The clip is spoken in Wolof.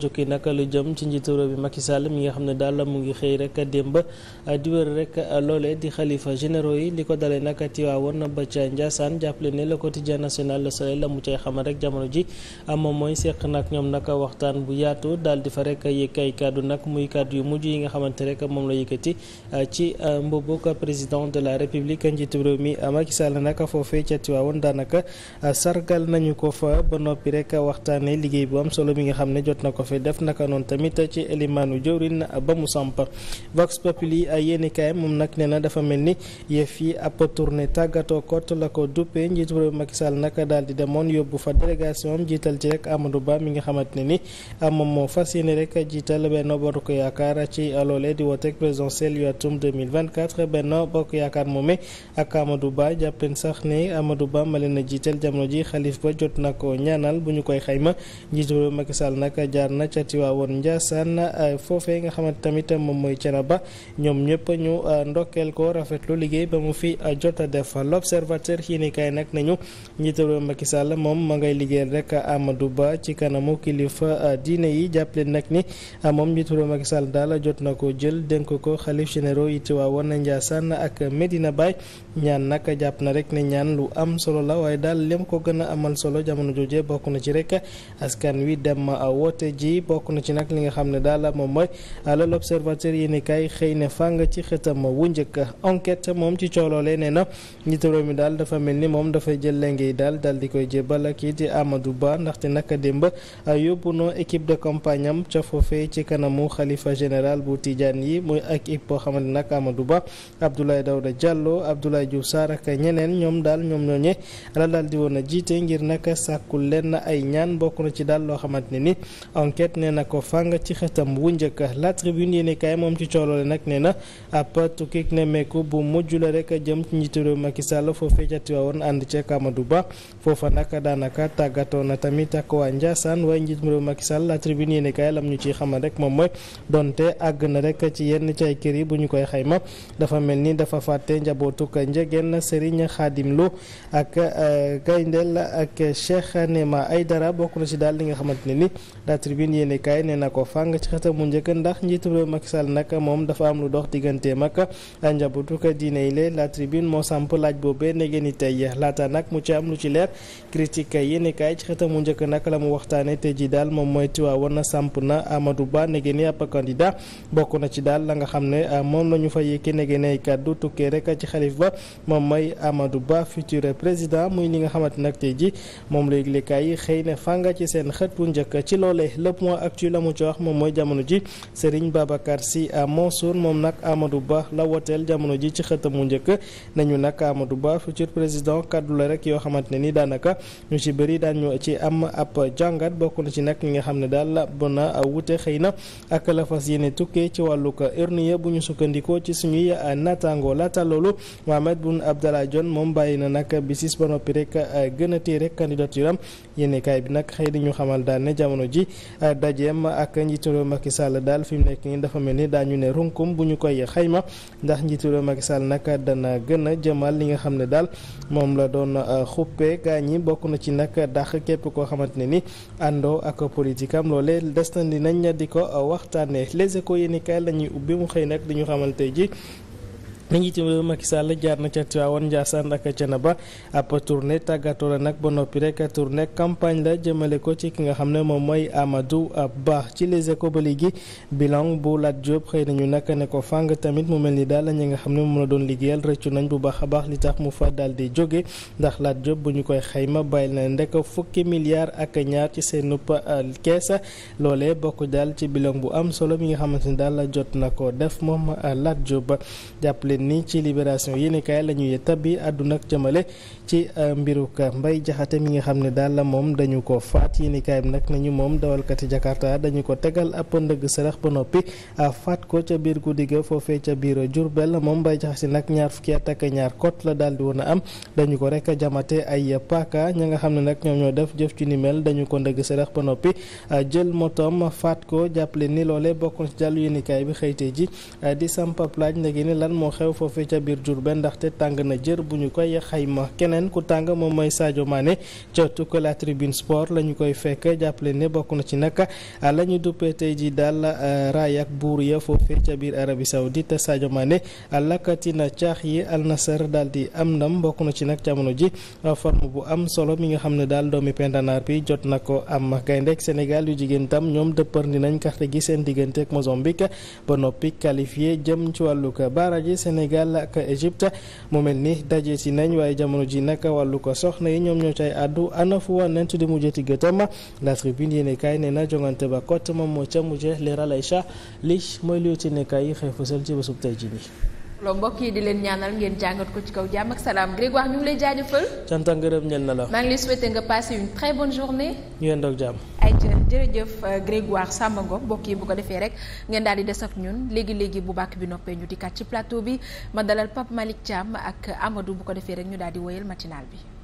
jukki naka lu jëm ci njiitu réew bi Macky Sall mi nga xam ne daal mu ngi xëy a démb a ah, wër rek ah, loolee di xalifa généraux yi li ko dalee nag Tiwaawoon ba ca Ndiassane jàppale ne le quotidien national Le Soleil la mu cay xamal rek jamono ji ah, moom mooy seq nag ñoom nag waxtaan bu yaatu daal di fa rek yëkk ay kàddu nag muy kàddu yu mujj yi nga xamante rek moom la yëkkati ci mbubbuk président de la république njiitu réew mi Macky Sall nag foofee ca Tiwaawoon daanaka sargal nañu ko fa fi def naka noonu tamit ci elimaanu jëwrin ba mu samp Vox Populi yéenikaay moom nag nee na dafa mel ni yëf yi ab tournée tàggatoo kot la ko duppee njiitu réew Macky naka daal di demoon yóbbu fa délégation am jiital ci rek Amadou Ba mi nga xamante ne ni moom moo fas yéene rek jiital Benno Bokk Yaakaar ci loolee di wooteeg présidentielle yu atum 2024 Benno Bokk Yaakaar moome ak Amadou Ba jàppen sax ne Amadou Ba ma leen a jiital jamono ji xalif ba jot na ko ñaanal bu ñu koy xayma njiitu réew Macky Sall nag jaar na ca Tiwaawoon Njaasaan foofee nga xamante tamit moom mooy Thiénaba ñoom ñëpp ñu euh, ndokkeel ko rafetlu liggéey ba mu euh, jot a def l'observateur xiinikaay nag nañu njiitu réew Macky Sall moom ma ngay liggéeyal rek Amadou Ba ci kanamu kilifa euh, diine yi jàppale nag ni moom njiitu réew Macky daal jot na ko jël dénk ko xalif généraux yi Tiwaawoon Njaasaan ak Medina Baye ñaan nag jàpp na rek ne ñaan lu am solo la waaye daal lem ko gën a amal solo jamono jooje bokk na ci rek askan wi dem woote ji bokk na ci nag li nga xam ne daal moom mooy la l'observateur yéen kay xëy na fàng ci xëtam wu njëkk enquête moom ci cooloolee nee na njiitu mi daal dafa mel ni moom dafay jël leng yi daal daal di koy jébbal kii di amadu Ba ndaxte naka démb yóbbu noo équipe de campagne am ca foofee ci kanamu xalifa général bu Tijaan yi muy ak équipe boo xamante nag amadu Ba Abdoulaye Daouda Diallo Abdoulaye Diouf Sarr ak ñeneen ñoom daal ñoom ñooñee la daal di woon a jiite ngir naka sàkkul lenn ay ñaan bokk ci daal loo xamante ne ni enquête nee na ko fàng ci xëtam wu njëkk la tribune yéeni kaay moom ci cooloole nag nee na ab tukkik nemmeeku bu mujj la rek jëm ci njiitu réew Macky Sall foofee ca Tiwaawoon ànd ceeg Amadou Ba foofa nag daanaka tàggatoo na tamit ak waa Ndiassane waaye njiitu réew Macky Sall la tribune yéeni kaay lam ñu ciy xamal rek moom mooy donte àgg na rek ci yenn ci ay yi bu ñu koy xayma dafa mel ni dafa fàtte njabootuk njegeen Serigne Khadim Lo ak euh, Gayndel ak Cheikh Nema dara bokk na ci daal li nga xamante ne ni tribune yéen kaay nee na ko fàng ci xëtam mu njëkk ndax njiitum réew Macky Sall nag moom dafa am lu dox digganteem la la tribune moo samp laaj boobee laata nag mu ci am lu ci leer critique yéen kaay ci xëtam mu njëkk nag la mu waxtaane te ji daal moom mooy Tiwaawan na samp na Amadou Ba negeen ni ab candidat bokk na ci daal la nga xam ne moom lañu ñu fa yëkki negeen ay kàddu tukkee rek ci xalif ba moom mooy Amadou Ba futur président muy li nga xamante nag tey ji moom la yëglekaay yi xëy na fànga ci seen xët bu njëkk ci loolee le point actuel la mu ci wax moom mooy jamono ji Serigne Babacar Sy Mansour moom nag Amadou Ba la woteel jamono ji ci xëtam mu njëkk nañu nag Amadou Ba futur président kaddu la rek yoo xamante ne ni daanaka ñu ci bëri daan ñu ci am ab jàngat bokk na ci nag ñi nga xam ne daal mën a wute xëy na ak la fas yéene tukkee ci wàllug urne bu ñu sukkandikoo ci suñuy naataangoo laata loolu Mohamed Boun Abdallah Dionne moom bàyyi na nag bisis ba noppi rek gën a téye rek candidature am yéene bi nag xëy na ñu ji dajeem ak njiitu réew Macky Sall daal fi nekk nii dafa mel ni daañu ne runkum bu ñu koy xayma ndax njiitu réew Macky Sall nag dana gën a jëmal li nga xam ne daal moom la doon euh, xuppe gaa ñi bokk na ci nag dàq képp koo xamante ne ni àndoo ak politique am loole des na dinañ di ko waxtaanee les échos yi ni la ñuy ubbi mu xëy nag di ñu xamante ji njiitu réew Macky Sall jaar na ca Tiwaawan Njaasaan ak Cenaba ab tournée tàggatoo la nag ba noppi rek tournée campagne la jëmale ko ci ki nga xam ne moom mooy Amadou baax ci les échos ba léegi bilan bu Lat Diop xëy nañu nag ne ko fàng tamit mu mel ni daal ñi nga xam ne moom a doon liggéeyal rëccu nañ bu baax a baax li tax mu fa daal de jóge ndax Lat Diop bu ñu koy xayma bàyyi na ndek fukki milliards ak ñaar ci seen nupp euh, kees loolee bokk daal ci bilan bu am solo mi nga xamante ni daal jot na ko def moom euh, Lat Diop jàppale ni ci libération yéenekaay la ñuy tabbi àdduna ak jëmale ci euh, mbiruk Mbaye Jaxate mi nga xam ne daal la moom dañu ko faat yéenekaay bi nag nañu moom dawalkati Jakarta dañu ko tegal ab ndëgg sërëx ba noppi euh, faat ko ca biir guddi ga foofee ca biir jur Jurbel moom Mbaye Jaxate nag ñaar fukki at ak ñaar kot la daal di woon am dañu ko rek jamate ay paaka ña nga xam ne nag ñoom ñoo def jëf ci ni mel dañu ko ndëgg sërëx ba noppi euh, jël motom faat ko jàppale ni loole bokkoon ci jàllu yéenekaay bi xëyte ji di xew foofee ca biir Diourbel ndaxte tàng na jër bu ñu koy xayma keneen ku tàng moom mooy Sadio Mané ca Tukkala Tribune Sport la ñu koy fekk jàppale ne bokk na ci nag ah, la ñu duppee tey ji daal ah, raay ak buur ya foofee ca biir Arabie Saoudite Sadio Mané ah, lakkatina caax yi Al Nassr daal di am ndam bokk na ci nag jamono ji forme bu am solo mi nga xam ne daal doomi pendanaar bi jot na ko am gayndeek Sénégal yu jigéen tam ñoom dëppar di nañ carte gi seen diggante ak Mozambique ba noppi qualifié jëm ci wàllu barrage Sénégal ak Égypte mu mel ni daje si nañ waaye jamono ji nag wàllu ko soxna yi ñoom ñoo cay àddu ana fu wanent di mujjati gëtëm la tribune yéene kaay nee na jongante ba kott moom moo ca mujje leeral ay chat mooy liy ci nekkaay yi xëy fësal ci bésub tey ji bi loolu mbokk yi di leen ñaanal ngeen jàngat ko ci kaw jàmm ak salaam Grégoire ñu lay jaajëfal. cant ak ngërëm ñel na la. maa ngi lay souhaiter nga passer une très bonne journée. ñu yendoo ak jàmm. ay jërëjëf euh, Grégoire Samba Ngom mbokk yi bu ko defee rek ngeen daal di des ak ñun léegi léegi bu bàkk bi noppee ñu dikkaat ci plateau bi ma dalal Pape Malick Thiam ak Amadou bu ko defee rek ñu daal di woyal matinal bi.